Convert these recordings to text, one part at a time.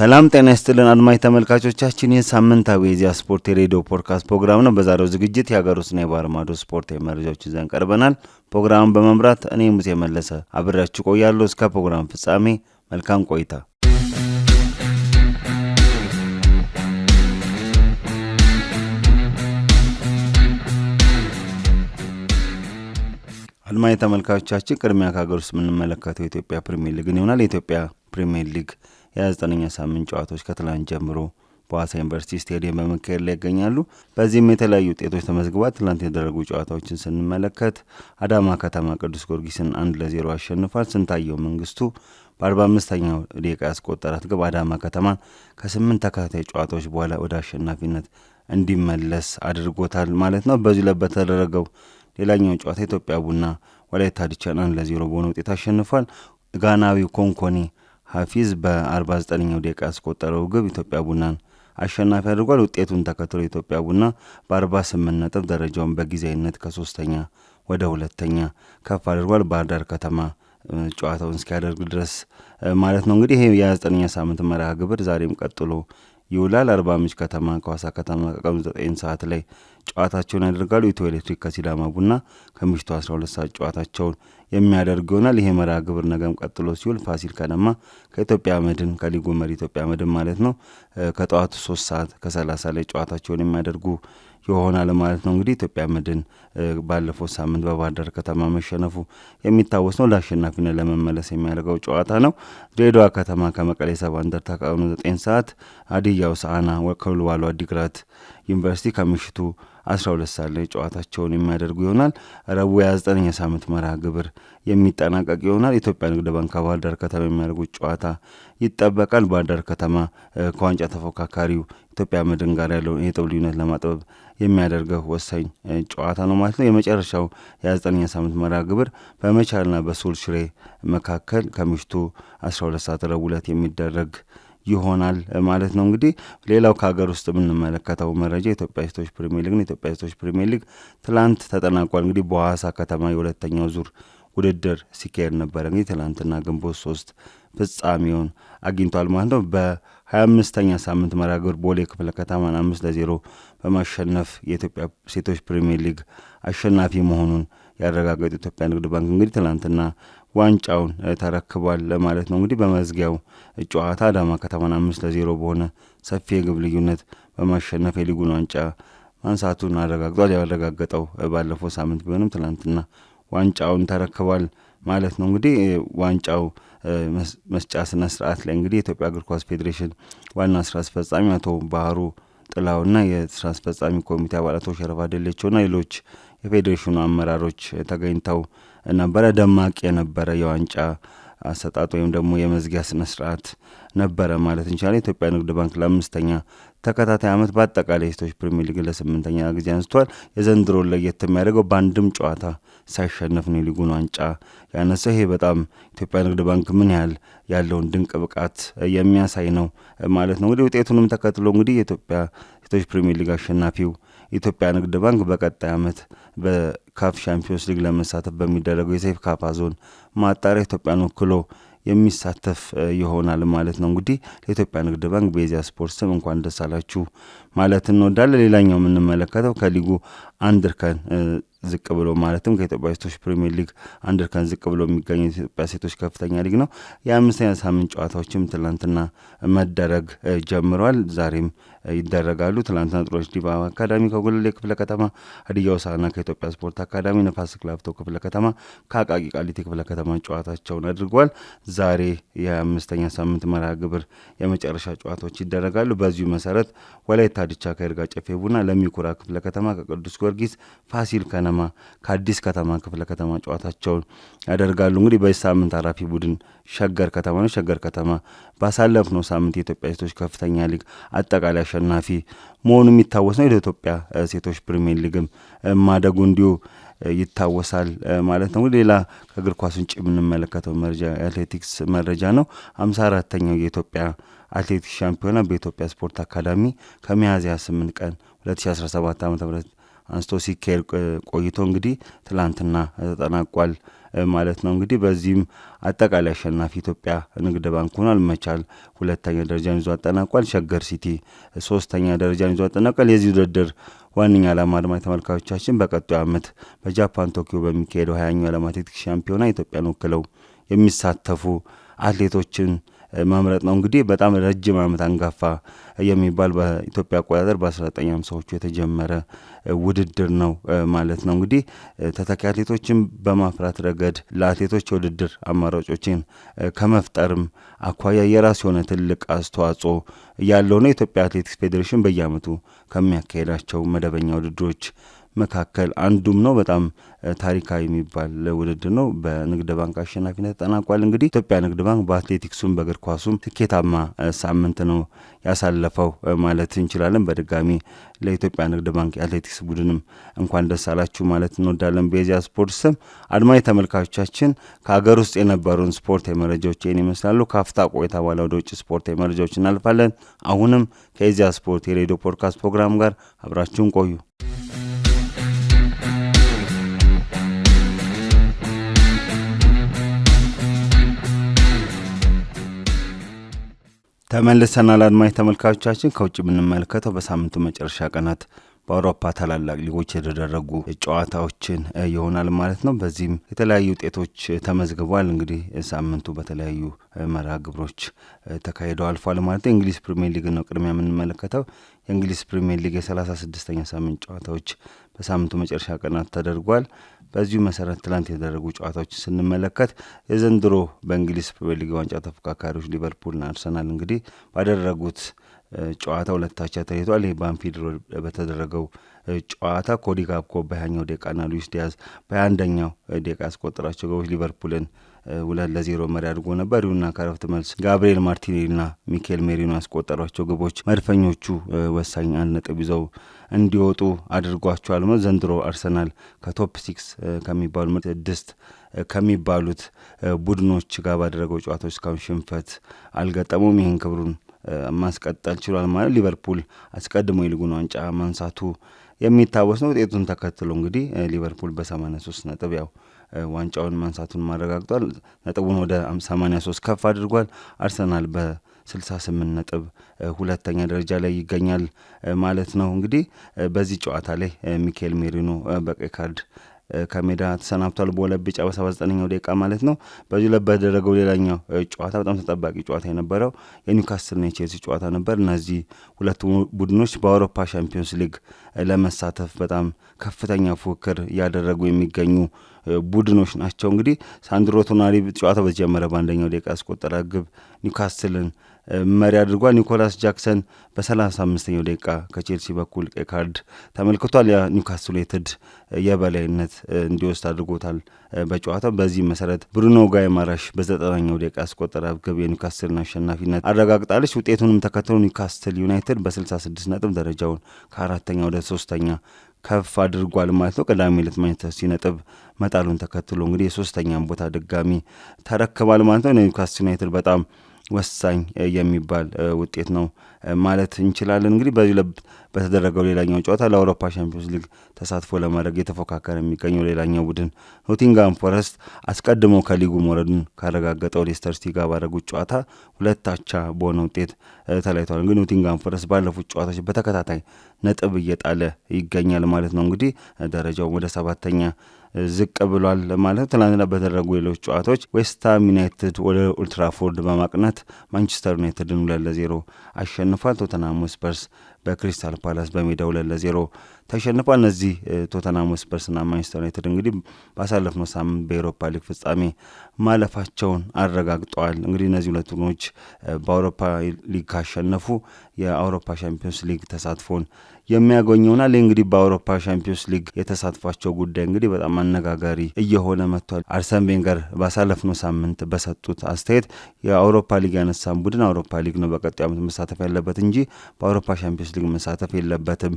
ሰላም ጤና ይስጥልን አድማጭ ተመልካቾቻችን፣ ይህ ሳምንታዊ የኢዜአ ስፖርት የሬዲዮ ፖድካስት ፕሮግራም ነው። በዛሬው ዝግጅት የሀገር ውስጥና የባህር ማዶ ስፖርታዊ መረጃዎች ይዘን ቀርበናል። ፕሮግራሙን በመምራት እኔ ሙሴ መለሰ አብሬያችሁ ቆያለሁ። እስከ ፕሮግራም ፍጻሜ መልካም ቆይታ። አድማጭ ተመልካቾቻችን፣ ቅድሚያ ከሀገር ውስጥ የምንመለከተው የኢትዮጵያ ፕሪሚየር ሊግን ይሆናል። የኢትዮጵያ ፕሪሚየር ሊግ የ29ኛ ሳምንት ጨዋታዎች ከትላንት ጀምሮ በዋሳ ዩኒቨርሲቲ ስቴዲየም በመካሄድ ላይ ይገኛሉ። በዚህም የተለያዩ ውጤቶች ተመዝግቧል። ትላንት የተደረጉ ጨዋታዎችን ስንመለከት አዳማ ከተማ ቅዱስ ጊዮርጊስን አንድ ለዜሮ አሸንፏል። ስንታየው መንግስቱ በአርባ አምስተኛው ደቂቃ ያስቆጠራት ግብ አዳማ ከተማን ከስምንት ተከታታይ ጨዋታዎች በኋላ ወደ አሸናፊነት እንዲመለስ አድርጎታል ማለት ነው። በዚሁ ላይ በተደረገው ሌላኛው ጨዋታ ኢትዮጵያ ቡና ወላይታ ዲቻን አንድ ለዜሮ በሆነ ውጤት አሸንፏል። ጋናዊው ኮንኮኔ ሀፊዝ በ49ኛው ደቂቃ ያስቆጠረው ግብ ኢትዮጵያ ቡናን አሸናፊ አድርጓል። ውጤቱን ተከትሎ ኢትዮጵያ ቡና በ48 ነጥብ ደረጃውን በጊዜያዊነት ከሶስተኛ ወደ ሁለተኛ ከፍ አድርጓል። ባህር ዳር ከተማ ጨዋታውን እስኪያደርግ ድረስ ማለት ነው። እንግዲህ ይህ የ29ኛ ሳምንት መርሃ ግብር ዛሬም ቀጥሎ ይውላል። አርባ ምንጭ ከተማ ከዋሳ ከተማ ከቀኑ 9 ሰዓት ላይ ጨዋታቸውን ያደርጋሉ። ኢትዮ ኤሌክትሪክ ከሲዳማ ቡና ከምሽቱ 12 ሰዓት ጨዋታቸውን የሚያደርግ ይሆናል። ይሄ መርሃ ግብር ነገም ቀጥሎ ሲውል ፋሲል ከነማ ከኢትዮጵያ መድን ከሊጉ መሪ ኢትዮጵያ መድን ማለት ነው ከጠዋቱ 3 ሰዓት ከ30 ላይ ጨዋታቸውን የሚያደርጉ ይሆናል ማለት ነው። እንግዲህ ኢትዮጵያ መድን ባለፈው ሳምንት በባህር ዳር ከተማ መሸነፉ የሚታወስ ነው። ለአሸናፊነት ለመመለስ የሚያደርገው ጨዋታ ነው። ድሬዳዋ ከተማ ከመቀሌ ሰባ እንደርታ ከቀኑ ዘጠኝ ሰዓት፣ ሀዲያ ሆሳዕና ከወልዋሎ አዲግራት ዩኒቨርሲቲ ከምሽቱ 12 ሰዓት ላይ ጨዋታቸውን የሚያደርጉ ይሆናል። ረቡዕ የ ሳምንት መርሃ ግብር የሚጠናቀቅ ይሆናል። ኢትዮጵያ ንግድ ባንክ ከባህር ዳር ከተማ የሚያደርጉት ጨዋታ ይጠበቃል። ባህር ዳር ከተማ ከዋንጫ ተፎካካሪው ከኢትዮጵያ መድን ጋር ያለውን የነጥብ ልዩነት ለማጥበብ የሚያደርገው ወሳኝ ጨዋታ ነው ማለት ነው። የመጨረሻው የ ሳምንት መርሃ ግብር በመቻልና በሱል ሽሬ መካከል ከምሽቱ 12 ሰዓት ረቡዕ ዕለት የሚደረግ ይሆናል ማለት ነው። እንግዲህ ሌላው ከሀገር ውስጥ የምንመለከተው መረጃ የኢትዮጵያ ሴቶች ፕሪሚየር ሊግ ነው። የኢትዮጵያ ሴቶች ፕሪሚየር ሊግ ትላንት ተጠናቋል። እንግዲህ በሐዋሳ ከተማ የሁለተኛው ዙር ውድድር ሲካሄድ ነበረ። እንግዲህ ትላንትና ግንቦት ሶስት ፍጻሜውን አግኝቷል ማለት ነው። በ25ኛ ሳምንት መራግብር ቦሌ ክፍለ ከተማን አምስት ለዜሮ በማሸነፍ የኢትዮጵያ ሴቶች ፕሪሚየር ሊግ አሸናፊ መሆኑን ያረጋገጡ ኢትዮጵያ ንግድ ባንክ እንግዲህ ትላንትና ዋንጫውን ተረክቧል ማለት ነው። እንግዲህ በመዝጊያው ጨዋታ አዳማ ከተማን አምስት ለዜሮ በሆነ ሰፊ የግብ ልዩነት በማሸነፍ የሊጉን ዋንጫ ማንሳቱን አረጋግጧል። ያረጋገጠው ባለፈው ሳምንት ቢሆንም ትላንትና ዋንጫውን ተረክቧል ማለት ነው። እንግዲህ ዋንጫው መስጫ ስነ ስርዓት ላይ እንግዲህ የኢትዮጵያ እግር ኳስ ፌዴሬሽን ዋና ስራ አስፈጻሚ አቶ ባህሩ ጥላውና የስራ አስፈጻሚ ኮሚቴ አባላቶ አቶ ሸረፋ ሌሎች የፌዴሬሽኑ አመራሮች ተገኝተው ነበረ። ደማቅ የነበረ የዋንጫ አሰጣጥ ወይም ደግሞ የመዝጊያ ስነ ስርዓት ነበረ ማለት እንችላለን። የኢትዮጵያ ንግድ ባንክ ለአምስተኛ ተከታታይ ዓመት በአጠቃላይ ሴቶች ፕሪሚየር ሊግን ለስምንተኛ ጊዜ አንስቷል። የዘንድሮን ለየት የሚያደርገው በአንድም ጨዋታ ሳይሸነፍ ነው የሊጉን ዋንጫ ያነሳው። ይሄ በጣም ኢትዮጵያ ንግድ ባንክ ምን ያህል ያለውን ድንቅ ብቃት የሚያሳይ ነው ማለት ነው። እንግዲህ ውጤቱንም ተከትሎ እንግዲህ የኢትዮጵያ ሴቶች ፕሪሚየር ሊግ አሸናፊው ኢትዮጵያ ንግድ ባንክ በቀጣይ ዓመት በካፍ ሻምፒዮንስ ሊግ ለመሳተፍ በሚደረገው የሴፍ ካፓ ዞን ማጣሪያ ኢትዮጵያን ወክሎ የሚሳተፍ ይሆናል ማለት ነው። እንግዲህ ለኢትዮጵያ ንግድ ባንክ በኢዜአ ስፖርት ስም እንኳን ደስ አላችሁ ማለት እንወዳለን። ሌላኛው የምንመለከተው ከሊጉ አንድ እርከን ዝቅ ብሎ ማለትም ከኢትዮጵያ ሴቶች ፕሪሚየር ሊግ አንድ እርከን ዝቅ ብሎ የሚገኘው ኢትዮጵያ ሴቶች ከፍተኛ ሊግ ነው። የአምስተኛ ሳምንት ጨዋታዎችም ትናንትና መደረግ ጀምረዋል። ዛሬም ይደረጋሉ። ትናንትና ጥሩነሽ ዲባ አካዳሚ ከጉልሌ ክፍለ ከተማ፣ ሀዲያ ሆሳዕና ከኢትዮጵያ ስፖርት አካዳሚ፣ ነፋስ ክላፍቶ ክፍለ ከተማ ከአቃቂ ቃሊቲ ክፍለ ከተማ ጨዋታቸውን አድርጓል። ዛሬ የአምስተኛ ሳምንት መርሃ ግብር የመጨረሻ ጨዋታዎች ይደረጋሉ። በዚሁ መሰረት ወላይታ ድቻ ከይርጋ ጨፌ ቡና፣ ለሚኩራ ክፍለ ከተማ ከቅዱስ ጊዮርጊስ፣ ፋሲል ከነማ ከአዲስ ከተማ ክፍለ ከተማ ጨዋታቸውን ያደርጋሉ። እንግዲህ በዚህ ሳምንት አራፊ ቡድን ሸገር ከተማ ነው። ሸገር ከተማ ባሳለፍነው ሳምንት የኢትዮጵያ ሴቶች ከፍተኛ ሊግ አጠቃላይ አሸናፊ መሆኑ የሚታወስ ነው። የኢትዮጵያ ሴቶች ፕሪሚየር ሊግም ማደጉ እንዲሁ ይታወሳል ማለት ነው። ሌላ ከእግር ኳስ ውጭ የምንመለከተው መረጃ የአትሌቲክስ መረጃ ነው። ሃምሳ አራተኛው የኢትዮጵያ አትሌቲክስ ሻምፒዮና በኢትዮጵያ ስፖርት አካዳሚ ከሚያዝያ ስምንት ቀን ሰባት ዓ ም አንስቶ ሲካሄድ ቆይቶ እንግዲህ ትላንትና ተጠናቋል። ማለት ነው። እንግዲህ በዚህም አጠቃላይ አሸናፊ ኢትዮጵያ ንግድ ባንክ ሆኗል። መቻል ሁለተኛ ደረጃን ይዞ አጠናቋል። ሸገር ሲቲ ሶስተኛ ደረጃን ይዞ አጠናቋል። የዚህ ውድድር ዋነኛ ዓላማ አድማጭ ተመልካቾቻችን በቀጣዩ ዓመት በጃፓን ቶኪዮ በሚካሄደው ሀያኛው ዓለም አትሌቲክስ ሻምፒዮና ኢትዮጵያን ወክለው የሚሳተፉ አትሌቶችን መምረጥ ነው። እንግዲህ በጣም ረጅም ዓመት አንጋፋ የሚባል በኢትዮጵያ አቆጣጠር በ1950 ሰዎቹ የተጀመረ ውድድር ነው ማለት ነው። እንግዲህ ተተኪ አትሌቶችን በማፍራት ረገድ ለአትሌቶች የውድድር አማራጮችን ከመፍጠርም አኳያ የራሱ የሆነ ትልቅ አስተዋጽኦ ያለው ነው። የኢትዮጵያ አትሌቲክስ ፌዴሬሽን በየዓመቱ ከሚያካሄዳቸው መደበኛ ውድድሮች መካከል አንዱም ነው። በጣም ታሪካዊ የሚባል ውድድር ነው። በንግድ ባንክ አሸናፊነት ተጠናቋል። እንግዲህ ኢትዮጵያ ንግድ ባንክ በአትሌቲክሱም በእግር ኳሱም ስኬታማ ሳምንት ነው ያሳለፈው ማለት እንችላለን። በድጋሚ ለኢትዮጵያ ንግድ ባንክ የአትሌቲክስ ቡድንም እንኳን ደስ አላችሁ ማለት እንወዳለን። በኢዜአ ስፖርት ስም አድማጭ ተመልካቾቻችን ከሀገር ውስጥ የነበሩን ስፖርት መረጃዎች ይህን ይመስላሉ። ካፍታ ቆይታ በኋላ ወደ ውጭ ስፖርት መረጃዎች እናልፋለን። አሁንም ከኢዜአ ስፖርት የሬዲዮ ፖድካስት ፕሮግራም ጋር አብራችሁን ቆዩ። ተመልሰናል። አድማጭ ተመልካቾቻችን ከውጭ የምንመለከተው በሳምንቱ መጨረሻ ቀናት በአውሮፓ ታላላቅ ሊጎች የተደረጉ ጨዋታዎችን ይሆናል ማለት ነው። በዚህም የተለያዩ ውጤቶች ተመዝግቧል። እንግዲህ ሳምንቱ በተለያዩ መርሃ ግብሮች ተካሂደው አልፏል ማለት ነው። የእንግሊዝ ፕሪሚየር ሊግ ነው ቅድሚያ የምንመለከተው። የእንግሊዝ ፕሪሚየር ሊግ የሰላሳ ስድስተኛ ሳምንት ጨዋታዎች በሳምንቱ መጨረሻ ቀናት ተደርጓል። በዚሁ መሰረት ትላንት የተደረጉ ጨዋታዎችን ስንመለከት የዘንድሮ በእንግሊዝ ፕሪሚየር ሊግ ዋንጫ ተፎካካሪዎች ሊቨርፑልና አርሰናል እንግዲህ ባደረጉት ጨዋታ ሁለታቻ አቻ ተለይቷል። ይህ ባንፊልድ ሮድ በተደረገው ጨዋታ ኮዲ ጋብኮ በሀያኛው ደቂቃና ሉዊስ ዲያዝ በአንደኛው ደቂቃ ያስቆጠራቸው ግቦች ሊቨርፑልን ሁለት ለዜሮ መሪ አድርጎ ነበር። ይሁንና ከረፍት መልስ ጋብሪኤል ማርቲኔሊና ሚኬል ሜሪኖ ያስቆጠሯቸው ግቦች መድፈኞቹ ወሳኝ አንድ ነጥብ ይዘው እንዲወጡ አድርጓቸዋል። ማለት ዘንድሮ አርሰናል ከቶፕ ሲክስ ከሚባሉ ምርጥ ስድስት ከሚባሉት ቡድኖች ጋር ባደረገው ጨዋታዎች እስካሁን ሽንፈት አልገጠሙም። ይህን ክብሩን ማስቀጠል ችሏል ማለት ሊቨርፑል አስቀድሞ የሊጉን ዋንጫ ማንሳቱ የሚታወስ ነው። ውጤቱን ተከትሎ እንግዲህ ሊቨርፑል በ83 ነጥብ ያው ዋንጫውን ማንሳቱን ማረጋግጧል። ነጥቡን ወደ 83 ከፍ አድርጓል። አርሰናል በ 68 ነጥብ ሁለተኛ ደረጃ ላይ ይገኛል ማለት ነው። እንግዲህ በዚህ ጨዋታ ላይ ሚካኤል ሜሪኖ በቀይ ካርድ ከሜዳ ተሰናብቷል። በሁለት ቢጫ በሰባ ዘጠነኛው ደቂቃ ማለት ነው። በዚ ዕለት በተደረገው ሌላኛው ጨዋታ በጣም ተጠባቂ ጨዋታ የነበረው ና የቼልሲ ጨዋታ ነበር። እነዚህ ሁለቱ ቡድኖች በአውሮፓ ሻምፒዮንስ ሊግ ለመሳተፍ በጣም ከፍተኛ ፉክክር እያደረጉ የሚገኙ ቡድኖች ናቸው። እንግዲህ ሳንድሮ ቶናሪ ጨዋታ በተጀመረ በአንደኛው ደቂቃ ያስቆጠረ ግብ ኒውካስትልን መሪ አድርጓል። ኒኮላስ ጃክሰን በሰላሳ አምስተኛው ደቂቃ ከቼልሲ በኩል ቀይ ካርድ ተመልክቷል። ያ ዩናይትድ የበላይነት እንዲወስድ አድርጎታል በጨዋታው። በዚህ መሰረት ብሩኖ ጋይማራሽ በዘጠናኛው ደቂቃ ያስቆጠረ ግብ የኒውካስትልን አሸናፊነት አረጋግጣለች። ውጤቱንም ተከትሎ ኒውካስትል ዩናይትድ በ66 ነጥብ ደረጃውን ከአራተኛ ወደ ሶስተኛ ከፍ አድርጓል ማለት ነው። ቅዳሜ ዕለት ማንቸስተር ሲቲ ነጥብ መጣሉን ተከትሎ እንግዲህ የሶስተኛን ቦታ ድጋሚ ተረክባል ማለት ነው። ኒውካስል ዩናይትድ በጣም ወሳኝ የሚባል ውጤት ነው ማለት እንችላለን። እንግዲህ በዚህ በተደረገው ሌላኛው ጨዋታ ለአውሮፓ ሻምፒዮንስ ሊግ ተሳትፎ ለማድረግ የተፎካከረ የሚገኘው ሌላኛው ቡድን ኖቲንጋም ፎረስት አስቀድሞ ከሊጉ መውረዱን ካረጋገጠው ሌስተር ሲቲ ጋር ባደረጉት ጨዋታ ሁለት አቻ በሆነ ውጤት ተለይተዋል። እንግዲህ ኖቲንጋም ፎረስት ባለፉት ጨዋታዎች በተከታታይ ነጥብ እየጣለ ይገኛል ማለት ነው። እንግዲህ ደረጃው ወደ ሰባተኛ ዝቅ ብሏል ማለት ትላንትና በተደረጉ ሌሎች ጨዋታዎች ዌስትሃም ዩናይትድ ወደ ኦልትራፎርድ በማቅናት ማንቸስተር ዩናይትድን ሁለት ለዜሮ አሸንፏል። ቶተናም ስፐርስ በክሪስታል ፓላስ በሜዳ ሁለት ለዜሮ ተሸንፏል። እነዚህ ቶተናም ስፐርስና ማንቸስተር ዩናይትድ እንግዲህ ባሳለፍነው ሳምንት በኤሮፓ ሊግ ፍጻሜ ማለፋቸውን አረጋግጠዋል። እንግዲህ እነዚህ ሁለት ቡድኖች በአውሮፓ ሊግ ካሸነፉ የአውሮፓ ሻምፒዮንስ ሊግ ተሳትፎን የሚያገኘውና እንግዲህ በአውሮፓ ሻምፒዮንስ ሊግ የተሳትፏቸው ጉዳይ እንግዲህ በጣም አነጋጋሪ እየሆነ መጥቷል። አርሰን ቬንገር ባሳለፍነው ሳምንት በሰጡት አስተያየት የአውሮፓ ሊግ ያነሳን ቡድን አውሮፓ ሊግ ነው በቀጣዩ ዓመት መሳተፍ ያለበት እንጂ በአውሮፓ ሻምፒዮንስ ሊግ መሳተፍ የለበትም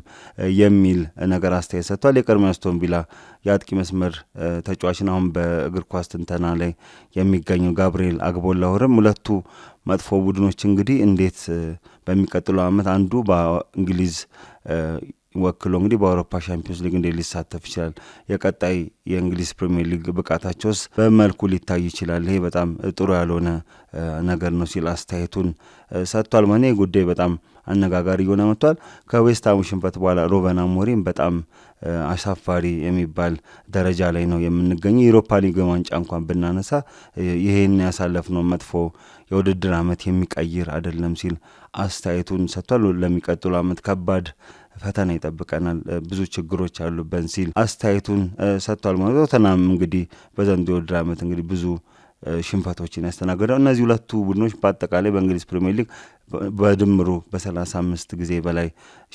የሚል ነገር አስተያየት ሰጥቷል። የቀድሞ አስቶን ቪላ የአጥቂ መስመር ተጫዋችን አሁን በእግር ኳስ ትንተና ላይ የሚገኘው ጋብርኤል አግቦላሁርም ሁለቱ መጥፎ ቡድኖች እንግዲህ እንዴት በሚቀጥለው አመት አንዱ በእንግሊዝ ወክሎ እንግዲህ በአውሮፓ ሻምፒዮንስ ሊግ እንዴት ሊሳተፍ ይችላል? የቀጣይ የእንግሊዝ ፕሪሚየር ሊግ ብቃታቸውስ በመልኩ ሊታይ ይችላል? ይሄ በጣም ጥሩ ያልሆነ ነገር ነው ሲል አስተያየቱን ሰጥቷል። ማን ይህ ጉዳይ በጣም አነጋጋሪ እየሆነ መጥቷል። ከዌስትሃሙ ሽንፈት በኋላ ሩበን አሞሪም በጣም አሳፋሪ የሚባል ደረጃ ላይ ነው የምንገኘው። የዩሮፓ ሊግ ዋንጫ እንኳን ብናነሳ ይሄን ያሳለፍነው መጥፎ የውድድር ዓመት የሚቀይር አይደለም ሲል አስተያየቱን ሰጥቷል። ለሚቀጥሉ ዓመት ከባድ ፈተና ይጠብቀናል፣ ብዙ ችግሮች አሉበን ሲል አስተያየቱን ሰጥቷል ማለት ነው። ተናም እንግዲህ በዘንድሮው የውድድር ዓመት እንግዲህ ብዙ ሽንፈቶችን ያስተናገደው እነዚህ ሁለቱ ቡድኖች በአጠቃላይ በእንግሊዝ ፕሪሚየር ሊግ በድምሩ በ35 ጊዜ በላይ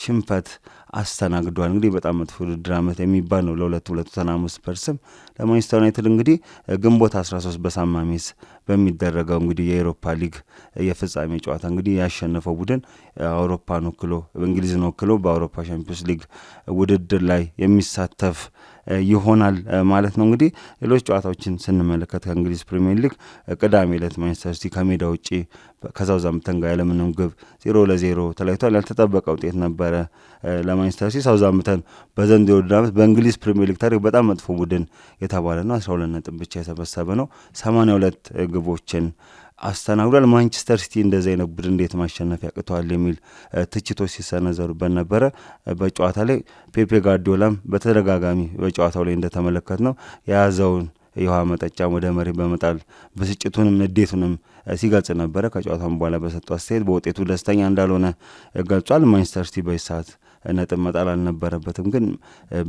ሽንፈት አስተናግዷል። እንግዲህ በጣም መጥፎ ውድድር ዓመት የሚባል ነው ለሁለቱ ሁለቱ ተናሞ ስፐርስም ለማንቸስተር ዩናይትድ እንግዲህ ግንቦት 13 በሳማሚስ በሚደረገው እንግዲህ የኤሮፓ ሊግ የፍጻሜ ጨዋታ እንግዲህ ያሸነፈው ቡድን አውሮፓን ወክሎ እንግሊዝን ወክሎ በአውሮፓ ሻምፒዮንስ ሊግ ውድድር ላይ የሚሳተፍ ይሆናል ማለት ነው። እንግዲህ ሌሎች ጨዋታዎችን ስንመለከት ከእንግሊዝ ፕሪሚየር ሊግ ቅዳሜ ዕለት ማንቸስተር ሲቲ ከሜዳ ውጪ ዛምተን ጋር ያለምንም ግብ ዜሮ ለዜሮ ተለያይቷል። ያልተጠበቀ ውጤት ነበረ ለማንቸስተር ሲቲ። ሳውዛምተን በዘንድሮ የውድድር ዓመት በእንግሊዝ ፕሪሚየር ሊግ ታሪክ በጣም መጥፎ ቡድን የተባለ ነው። አስራ ሁለት ነጥብ ብቻ የሰበሰበ ነው። ሰማንያ ሁለት ግቦችን አስተናግዷል። ማንቸስተር ሲቲ እንደዚህ አይነት ቡድን እንዴት ማሸነፍ ያቅተዋል የሚል ትችቶች ሲሰነዘሩበት ነበረ። በጨዋታ ላይ ፔፔ ጋርዲዮላም በተደጋጋሚ በጨዋታው ላይ እንደተመለከት ነው የያዘውን የውሃ መጠጫም ወደ መሬት በመጣል ብስጭቱንም ንዴቱንም ሲገልጽ ነበረ። ከጨዋታም በኋላ በሰጡ አስተያየት በውጤቱ ደስተኛ እንዳልሆነ ገልጿል። ማንቸስተር ሲቲ በዚህ ሰዓት ነጥብ መጣል አልነበረበትም፣ ግን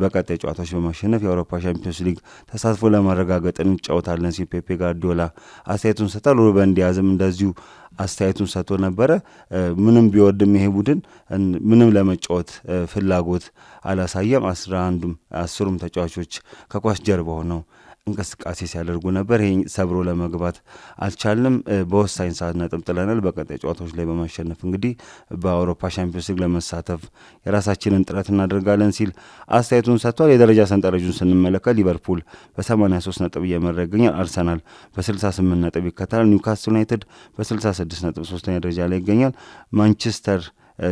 በቀጣይ ጨዋታዎች በማሸነፍ የአውሮፓ ሻምፒዮንስ ሊግ ተሳትፎ ለማረጋገጥ እንጫወታለን ሲል ፔፔ ጋርዲዮላ አስተያየቱን ሰጥቷል። ሩበን ዲያዝም እንደዚሁ አስተያየቱን ሰጥቶ ነበረ። ምንም ቢወርድም ይሄ ቡድን ምንም ለመጫወት ፍላጎት አላሳየም። አስራ አንዱም አስሩም ተጫዋቾች ከኳስ ጀርባ ሆነው እንቅስቃሴ ሲያደርጉ ነበር። ይህ ሰብሮ ለመግባት አልቻልንም። በወሳኝ ሰዓት ነጥብ ጥለናል። በቀጣይ ጨዋታዎች ላይ በማሸነፍ እንግዲህ በአውሮፓ ሻምፒዮንስ ሊግ ለመሳተፍ የራሳችንን ጥረት እናደርጋለን ሲል አስተያየቱን ሰጥቷል። የደረጃ ሰንጠረዡን ስንመለከት ሊቨርፑል በ83 ነጥብ እየመራ ይገኛል። አርሰናል በ68 ነጥብ ይከተላል። ኒውካስል ዩናይትድ በ66 ነጥብ ሶስተኛ ደረጃ ላይ ይገኛል። ማንቸስተር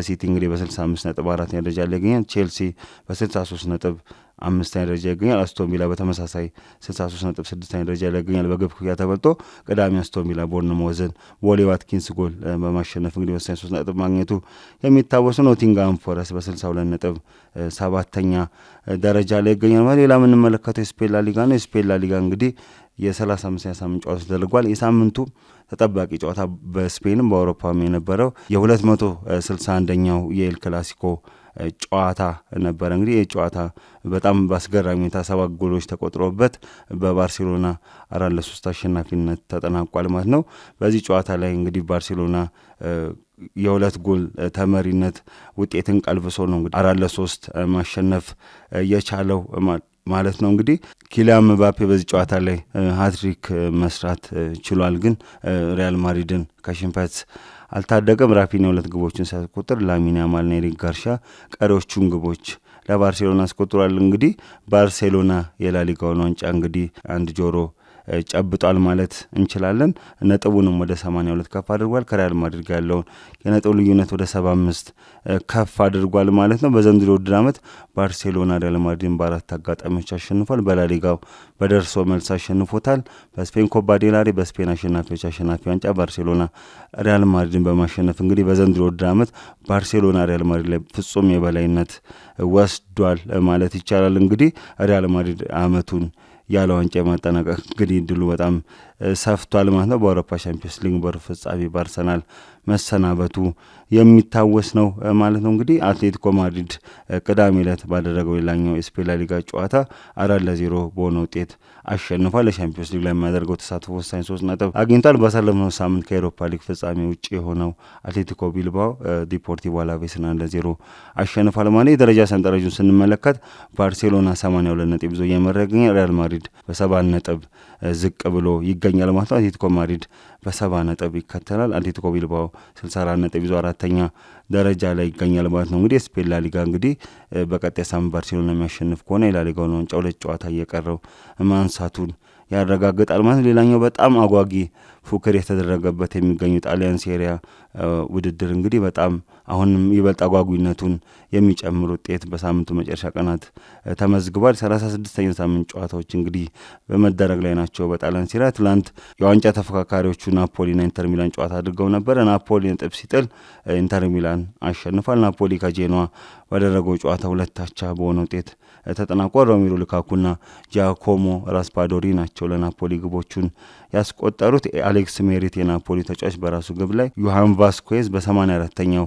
ሲቲ እንግዲህ በስልሳ አምስት ነጥብ አራተኛ ደረጃ ላይ ይገኛል። ቼልሲ በስልሳ ሶስት ነጥብ አምስተኛ ደረጃ ይገኛል። አስቶን ቪላ በተመሳሳይ ሶስት ነጥብ ስድስተኛ ደረጃ ላይ ይገኛል። በግብ ክያ ተበልጦ ቅዳሜ አስቶን ቪላ ቦርንማውዝን ቦሌ ዋትኪንስ ጎል በማሸነፍ እንግዲህ ወሳኝ ሶስት ነጥብ ማግኘቱ የሚታወሱ ኖቲንጋም ኖቲንግሃም ፎረስት በ62 ነጥብ ሰባተኛ ደረጃ ላይ ይገኛል። ሌላ የምንመለከተው የስፔን ላሊጋ ነው። የስፔን ላሊጋ እንግዲህ የሰላሳ 35 ሳምንት ጨዋታ ተደርጓል። የሳምንቱ ተጠባቂ ጨዋታ በስፔንም በአውሮፓም የነበረው መቶ ስልሳ አንደኛው የኤል ክላሲኮ ጨዋታ ነበረ። እንግዲህ ይህ ጨዋታ በጣም በአስገራሚ ሁኔታ ሰባት ጎሎች ተቆጥሮበት በባርሴሎና አራት ለሶስት አሸናፊነት ተጠናቋል ማለት ነው። በዚህ ጨዋታ ላይ እንግዲህ ባርሴሎና የሁለት ጎል ተመሪነት ውጤትን ቀልብሶ ነው እንግዲህ አራት ለሶስት ማሸነፍ የቻለው ማለት ነው። እንግዲህ ኪሊያን ምባፔ በዚህ ጨዋታ ላይ ሀትሪክ መስራት ችሏል፣ ግን ሪያል ማድሪድን ከሽንፈት አልታደገም። ራፊኒያ ሁለት ግቦችን ሲያስቆጥር ላሚን ያማልና ኤሪክ ጋርሻ ቀሪዎቹን ግቦች ለባርሴሎና አስቆጥሯል። እንግዲህ ባርሴሎና የላሊጋውን ዋንጫ እንግዲህ አንድ ጆሮ ጨብጧል ማለት እንችላለን። ነጥቡንም ወደ 82 ከፍ አድርጓል። ከሪያል ማድሪድ ጋር ያለውን የነጥብ ልዩነት ወደ 75 ከፍ አድርጓል ማለት ነው። በዘንድሮ ውድድር ዓመት ባርሴሎና ሪያል ማድሪድን በአራት አጋጣሚዎች አሸንፏል። በላሊጋው በደርሶ መልስ አሸንፎታል። በስፔን ኮባ ዴላሪ፣ በስፔን አሸናፊዎች አሸናፊ ዋንጫ ባርሴሎና ሪያል ማድሪድን በማሸነፍ እንግዲህ በዘንድሮ ውድድር ዓመት ባርሴሎና ሪያል ማድሪድ ላይ ፍጹም የበላይነት ወስዷል ማለት ይቻላል። እንግዲህ ሪያል ማድሪድ ዓመቱን ያለ ዋንጫ የማጠናቀቅ እንግዲህ እድሉ በጣም ሰፍቷል ማለት ነው። በአውሮፓ ሻምፒዮንስ ሊግ በሩብ ፍጻሜ በአርሰናል መሰናበቱ የሚታወስ ነው ማለት ነው። እንግዲህ አትሌቲኮ ማድሪድ ቅዳሜ ዕለት ባደረገው ሌላኛው የስፔን ላሊጋ ጨዋታ አራት ለዜሮ በሆነ ውጤት አሸንፏል። ለሻምፒዮንስ ሊግ ላይ የሚያደርገው ተሳትፎ ወሳኝ ሶስት ነጥብ አግኝቷል። ባሳለፍነው ሳምንት ከኤሮፓ ሊግ ፍጻሜ ውጭ የሆነው አትሌቲኮ ቢልባው ዲፖርቲቮ አላቬስን አንድ ለዜሮ አሸንፏል። ማለት የደረጃ ሰንጠረዡን ስንመለከት ባርሴሎና 82 ነጥብ ይዞ እየመራ ይገኛል። ሪያል ማድሪድ በሰባ ነጥብ ዝቅ ብሎ ይገኛል ማለት ነው። አትሌቲኮ ማድሪድ በሰባ ነጥብ ይከተላል። አትሌቲኮ ቢልባው 64 ነጥብ ይዞ አራት አራተኛ ደረጃ ላይ ይገኛል ማለት ነው። እንግዲህ የስፔን ላሊጋ እንግዲህ በቀጣይ ሳምንት ባርሴሎና የሚያሸንፍ ከሆነ የላሊጋውን ዋንጫ ሁለት ጨዋታ እየቀረው ማንሳቱን ያረጋግጣል ማለት። ሌላኛው በጣም አጓጊ ፉክር የተደረገበት የሚገኙ ጣሊያን ሴሪያ ውድድር እንግዲህ በጣም አሁንም ይበልጥ አጓጊነቱን የሚጨምር ውጤት በሳምንቱ መጨረሻ ቀናት ተመዝግቧል። ሰላሳ ስድስተኛ ሳምንት ጨዋታዎች እንግዲህ በመደረግ ላይ ናቸው። በጣሊያን ሴሪያ ትላንት የዋንጫ ተፎካካሪዎቹ ናፖሊና ኢንተር ሚላን ጨዋታ አድርገው ነበረ። ናፖሊ ነጥብ ሲጥል ኢንተር ሚላን አሸንፏል። ናፖሊ ከጄኗ ባደረገው ጨዋታ ሁለታቻ በሆነ ውጤት ተጠናቋል። ሮሜሉ ልካኩና ጃኮሞ ራስፓዶሪ ናቸው ለናፖሊ ግቦቹን ያስቆጠሩት። አሌክስ ሜሪት የናፖሊ ተጫዋች በራሱ ግብ ላይ ዮሃን ቫስኩዝ በ84ኛው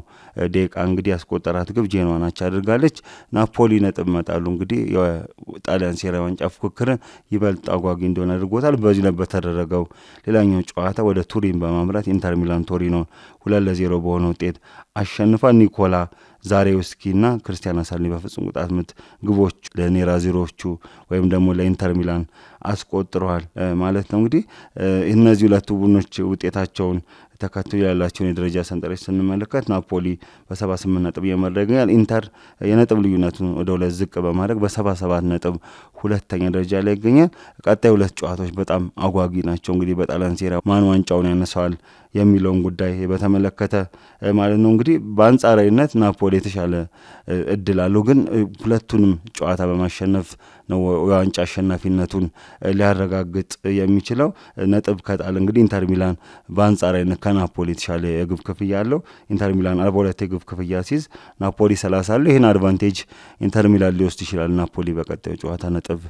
ደቂቃ እንግዲህ ያስቆጠራት ግብ ጄኖዋ ናች አድርጋለች። ናፖሊ ነጥብ መጣሉ እንግዲህ የጣሊያን ሴራ ዋንጫ ፉክክርን ይበልጥ አጓጊ እንደሆነ አድርጎታል። በዚህ ላይ በተደረገው ሌላኛው ጨዋታ ወደ ቱሪን በማምራት ኢንተር ሚላን ቶሪኖን ሁለት ለዜሮ በሆነ ውጤት አሸንፋ ኒኮላ ዛሬ ውስኪና ክርስቲያን አሳልኒ በፍጹም ቅጣት ምት ግቦች ለኔራ ዜሮዎቹ ወይም ደግሞ ለኢንተር ሚላን አስቆጥረዋል ማለት ነው። እንግዲህ እነዚህ ሁለቱ ቡድኖች ውጤታቸውን ተከትሎ ያላቸውን የደረጃ ሰንጠረዥ ስንመለከት ናፖሊ በሰባ ስምንት ነጥብ እየመራ ኢንተር የነጥብ ልዩነቱን ወደ ሁለት ዝቅ በማድረግ በሰባ ሰባት ነጥብ ሁለተኛ ደረጃ ላይ ይገኛል። ቀጣይ ሁለት ጨዋታዎች በጣም አጓጊ ናቸው። እንግዲህ በጣሊያን ሴራ ማን ዋንጫውን ያነሳዋል የሚለውን ጉዳይ በተመለከተ ማለት ነው። እንግዲህ በአንጻራዊነት ናፖሊ የተሻለ እድል አለው፣ ግን ሁለቱንም ጨዋታ በማሸነፍ ነው የዋንጫ አሸናፊነቱን ሊያረጋግጥ የሚችለው። ነጥብ ከጣል እንግዲህ ኢንተር ሚላን በአንጻራዊነት ከናፖሊ የተሻለ የግብ ክፍያ አለው። ኢንተር ሚላን አርባ ሁለት የግብ ክፍያ ሲይዝ ናፖሊ ሰላሳ አለው። ይህን አድቫንቴጅ ኢንተር ሚላን ሊወስድ ይችላል፣ ናፖሊ በቀጣዩ ጨዋታ ነጥብ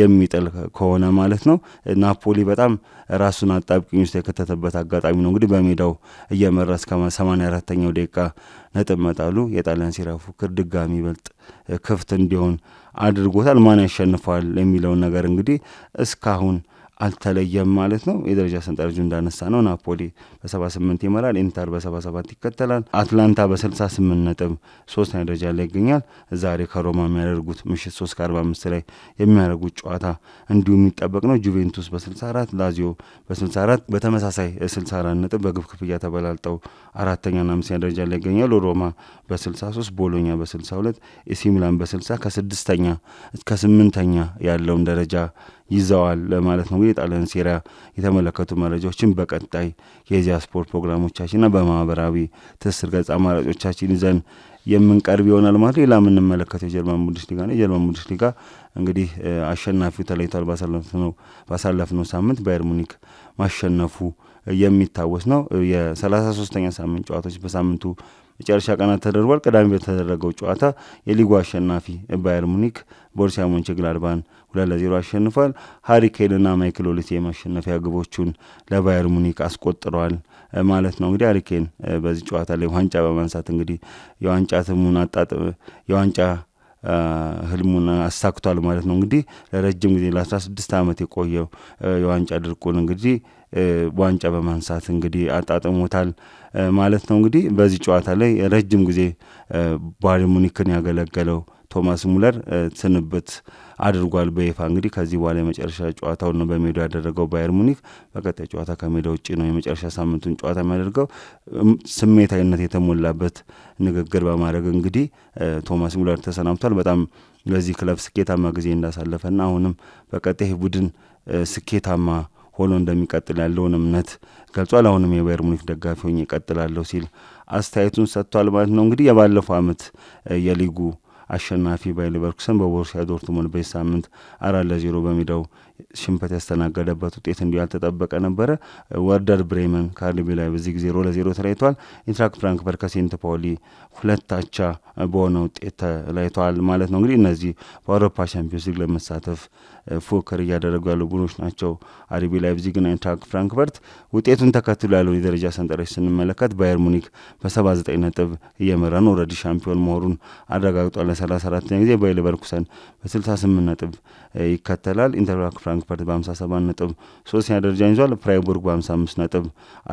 የሚጥል ከሆነ ማለት ነው። ናፖሊ በጣም ራሱን አጣብቅኝ ውስጥ የከተተበት አጋጣሚ ነው እንግዲህ በሜዳው እየመራ እስከ 84 አራተኛው ደቂቃ ነጥብ መጣሉ የጣሊያን ሴራ ፉክክር ድጋሚ ይበልጥ ክፍት እንዲሆን አድርጎታል። ማን ያሸንፋል የሚለውን ነገር እንግዲህ እስካሁን አልተለየም ማለት ነው። የደረጃ ሰንጠረዡ እንዳነሳ ነው ናፖሊ በ78 ይመራል። ኢንተር በ77 ይከተላል። አትላንታ በ68 ነጥብ ሶስተኛ ደረጃ ላይ ይገኛል። ዛሬ ከሮማ የሚያደርጉት ምሽት 3 ከ45 ላይ የሚያደርጉት ጨዋታ እንዲሁ የሚጠበቅ ነው። ጁቬንቱስ በ64 ላዚዮ በ64 በተመሳሳይ 64 ነጥብ በግብ ክፍያ ተበላልጠው አራተኛና አምስተኛ ደረጃ ላይ ይገኛሉ። ሮማ በ63 ቦሎኛ በ62 ኤሲ ሚላን በ60 ከስድስተኛ እስከ ስምንተኛ ያለውን ደረጃ ይዘዋል ማለት ነው። እንግዲህ የጣሊያን ሴሪያ የተመለከቱ መረጃዎችን በቀጣይ የኢዜአ ስፖርት ፕሮግራሞቻችንና በማህበራዊ ትስስር ገጽ አማራጮቻችን ይዘን የምንቀርብ ይሆናል ማለት ነው። ሌላ የምንመለከተው የጀርመን ሊጋ ነው። የጀርመን ሊጋ እንግዲህ አሸናፊው ተለይቷል። ባሳለፍነው ሳምንት ባየር ሙኒክ ማሸነፉ የሚታወስ ነው። የሰላሳ ሶስተኛ ሳምንት ጨዋታዎች በሳምንቱ የጨረሻ ቀናት ተደርጓል። ቅዳሜ በተደረገው ጨዋታ የሊጉ አሸናፊ ባየር ሙኒክ ቦርሲያ ሞንቸግላድባን ሁለት ለዜሮ አሸንፏል። ሀሪኬንና ማይክል ኦሊሴ የማሸነፊያ ግቦቹን ለባየር ሙኒክ አስቆጥረዋል ማለት ነው። እንግዲህ ሀሪኬን በዚህ ጨዋታ ላይ ዋንጫ በማንሳት እንግዲህ የዋንጫ ትሙን አጣጥ የዋንጫ ህልሙን አሳክቷል ማለት ነው። እንግዲህ ለረጅም ጊዜ ለአስራ ስድስት ዓመት የቆየው የዋንጫ ድርቁን እንግዲህ ዋንጫ በማንሳት እንግዲህ አጣጥሞታል ማለት ነው። እንግዲህ በዚህ ጨዋታ ላይ ረጅም ጊዜ ባየር ሙኒክን ያገለገለው ቶማስ ሙለር ስንብት አድርጓል በይፋ እንግዲህ ከዚህ በኋላ የመጨረሻ ጨዋታውን ነው በሜዳው ያደረገው ባየር ሙኒክ በቀጣይ ጨዋታ ከሜዳ ውጭ ነው የመጨረሻ ሳምንቱን ጨዋታ የሚያደርገው ስሜታዊነት የተሞላበት ንግግር በማድረግ እንግዲህ ቶማስ ሙለር ተሰናብቷል በጣም ለዚህ ክለብ ስኬታማ ጊዜ እንዳሳለፈና አሁንም በቀጣይ ቡድን ስኬታማ ሆኖ እንደሚቀጥል ያለውን እምነት ገልጿል። አሁንም የባየር ሙኒክ ደጋፊ ሆኜ እቀጥላለሁ ሲል አስተያየቱን ሰጥቷል ማለት ነው። እንግዲህ የባለፈው አመት የሊጉ አሸናፊ ባየር ሌቨርኩሰን በቦሩሲያ ዶርትሙንድ በዚህ ሳምንት አራት ለዜሮ በሜዳው ሽንፈት ያስተናገደበት ውጤት እንዲሁ ያልተጠበቀ ነበረ። ወርደር ብሬመን ካርዲቢ ላይ በዚህ ጊዜ ዜሮ ለዜሮ ተለያይተዋል። ኢንትራክት ፍራንክፈርት ከሴንት ፓውሊ ሁለት አቻ በሆነ ውጤት ተለይተዋል ማለት ነው። እንግዲህ እነዚህ በአውሮፓ ሻምፒዮንስ ሊግ ለመሳተፍ ፉክክር እያደረጉ ያሉ ቡድኖች ናቸው። አሪቢ ላይፕዚግና አይንትራክት ፍራንክፈርት። ውጤቱን ተከትሎ ያለውን የደረጃ ሰንጠረዥ ስንመለከት ባየር ሙኒክ በ79 ነጥብ እየመራ ነው። ኦልሬዲ ሻምፒዮን መሆኑን አረጋግጧል። ለ34ኛ ጊዜ ባየር ሌቨርኩሰን በ68 ነጥብ ይከተላል። ኢንተርክት ፍራንክፈርት በ57 ነጥብ ሶስተኛ ደረጃን ይዟል። ፍራይቡርግ በ55 ነጥብ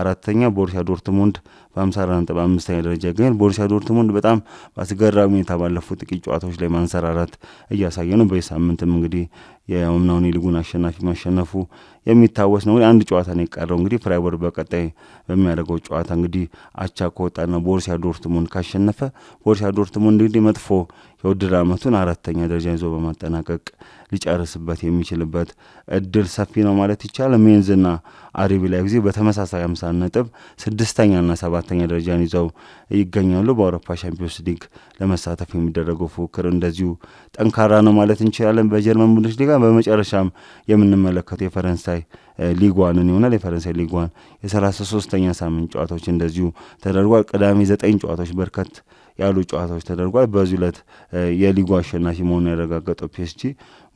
አራተኛ፣ ቦሩሲያ ዶርትሙንድ በ54 ነጥብ አምስተኛ ደረጃ ይገኛል። ቦሩሲያ ዶርትሙንድ በጣም በአስገራሚ ሁኔታ ባለፉት ጥቂት ጨዋታዎች ላይ ማንሰራራት እያሳየ ነው። በዚህ ሳምንትም እንግዲህ የአምናውን ሊጉን አሸናፊ ማሸነፉ የሚታወስ ነው። አንድ ጨዋታ ነው የቀረው እንግዲህ ፍራይቦርግ በቀጣይ በሚያደርገው ጨዋታ እንግዲህ አቻ ከወጣና ቦርሲያ ዶርትሙንድ ካሸነፈ ቦርሲያ ዶርትሙንድ እንግዲህ መጥፎ የውድድር ዓመቱን አራተኛ ደረጃ ይዞ በማጠናቀቅ ሊጨርስበት የሚችልበት እድል ሰፊ ነው ማለት ይቻላል። ሜንዝና አሪቢ ላይፕዚግ በተመሳሳይ አምሳ ነጥብ ስድስተኛና ሰባተኛ ደረጃን ይዘው ይገኛሉ። በአውሮፓ ሻምፒዮንስ ሊግ ለመሳተፍ የሚደረገው ፉክክር እንደዚሁ ጠንካራ ነው ማለት እንችላለን። በጀርመን ሊጋ በመጨረሻም የምንመለከተው የፈረንሳይ ሊጓንን ይሆናል። የፈረንሳይ ሊጓን የሰላሳ ሶስተኛ ሳምንት ጨዋታዎች እንደዚሁ ተደርጓል። ቅዳሜ ዘጠኝ ጨዋታዎች በርከት ያሉ ጨዋታዎች ተደርጓል። በዚህ ዕለት የሊጉ አሸናፊ መሆኑን ያረጋገጠው ፒኤስጂ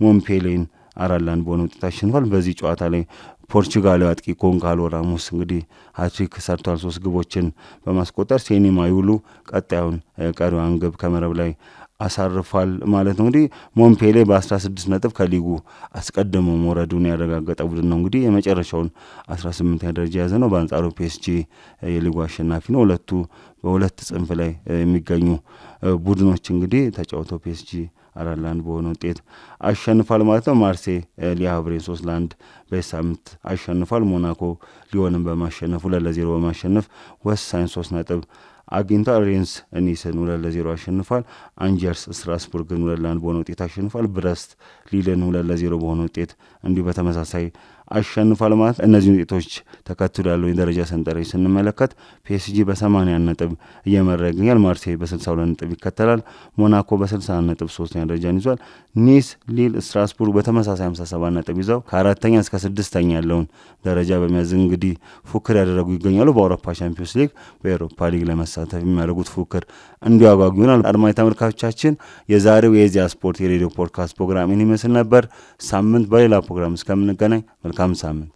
ሞምፔሌን አራላንድ በሆነ ውጤት አሸንፏል። በዚህ ጨዋታ ላይ ፖርቹጋላዊ አጥቂ ኮንካሎ ራሞስ እንግዲህ ሀትሪክ ሰርቷል፣ ሶስት ግቦችን በማስቆጠር ሴኒ ማዩሉ ቀጣዩን ቀሪዋን ግብ ከመረብ ላይ አሳርፏል ማለት ነው። እንግዲህ ሞንፔሌ በ16 ነጥብ ከሊጉ አስቀድሞ መውረዱን ያረጋገጠ ቡድን ነው። እንግዲህ የመጨረሻውን 18ኛ ደረጃ የያዘ ነው። በአንጻሩ ፒኤስጂ የሊጉ አሸናፊ ነው። ሁለቱ በሁለት ጽንፍ ላይ የሚገኙ ቡድኖች እንግዲህ ተጫውተው ፒኤስጂ አራት ለአንድ በሆነ ውጤት አሸንፏል ማለት ነው። ማርሴ ሊሀብሬን ሶስት ለአንድ በዚህ አሸንፏል። ሞናኮ ሊዮንን በማሸነፍ ሁለት ለዜሮ በማሸነፍ ወሳኝ ሶስት ነጥብ አግኝቷል። ሬንስ ኒስን ሁለት ለዜሮ አሸንፏል። አንጀርስ ስትራስቡርግን ሁለት ለአንድ በሆነ ውጤት አሸንፏል። ብረስት ሊልን ሁለት ለዜሮ በሆነ ውጤት እንዲሁ በተመሳሳይ አሸንፏል ማለት እነዚህ ውጤቶች ተከትሎ ያለው የደረጃ ሰንጠረዥ ስንመለከት ፒኤስጂ በ ነጥብ እየመራ ይገኛል። ማርሴይ በ62 ነጥብ ይከተላል። ሞናኮ በ61 ነጥብ ሶስተኛ ደረጃን ይዟል። ኒስ፣ ሊል፣ ስትራስቡርግ በተመሳሳይ 57 ነጥብ ይዘው ከአራተኛ እስከ ስድስተኛ ያለውን ደረጃ በመያዝ እንግዲህ ፉክር ያደረጉ ይገኛሉ። በአውሮፓ ቻምፒዮንስ ሊግ፣ በኤሮፓ ሊግ ለመሳተፍ የሚያደርጉት ፉክር እንዲያጓጉ ይሆናል። አድማጭ ተመልካቾቻችን የዛሬው የኢዜአ ስፖርት የሬዲዮ ፖድካስት ፕሮግራም ይህን ይመስል ነበር። ሳምንት በሌላ ፕሮግራም እስከምንገናኝ መልካም መልካም ሳምንት